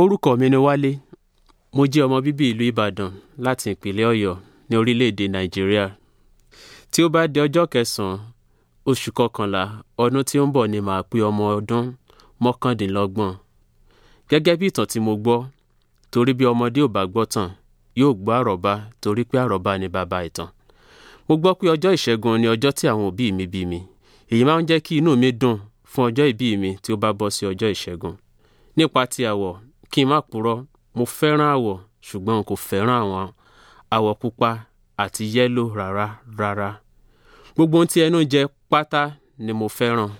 orúkọ mi ni wálé mo jẹ́ ọmọ bíbí ìlú ìbàdàn láti ìpínlẹ̀ ọ̀yọ́ ní orílẹ̀-èdè nàìjíríà tí ó bá di ọjọ́ kẹsàn-án oṣù kọkànlá ọdún tí ó ń bọ̀ ni màá pé ọmọ ọdún mọ́kàndínlọ́gbọ̀n gẹ́gẹ́ bí ìtàn tí mo gbọ́ torí bí ọmọdé ò bá gbọ́ tàn yóò gbọ́ àròbá torí pé àròbá ni bàbá ìtàn mo gbọ́ pé ọjọ́ ìṣẹ́gun ni ọjọ́ tí àwọn òbí mi bí mi èyí máa ń jẹ́ kí inú mi dùn fún ọjọ́ ìbí mi tí ó bá bọ́ sí ọjọ́ ìṣẹ́gun nípa ti àwọ̀ kí n má purọ́ mo fẹ́ràn àwọ̀ ṣùgbọ́n n kò fẹ́ràn àwọn àwọ̀ pupa àti yẹ́lò rárá rárá gbogbo ohun tí ẹnu jẹ pátá ni mo fẹ́ràn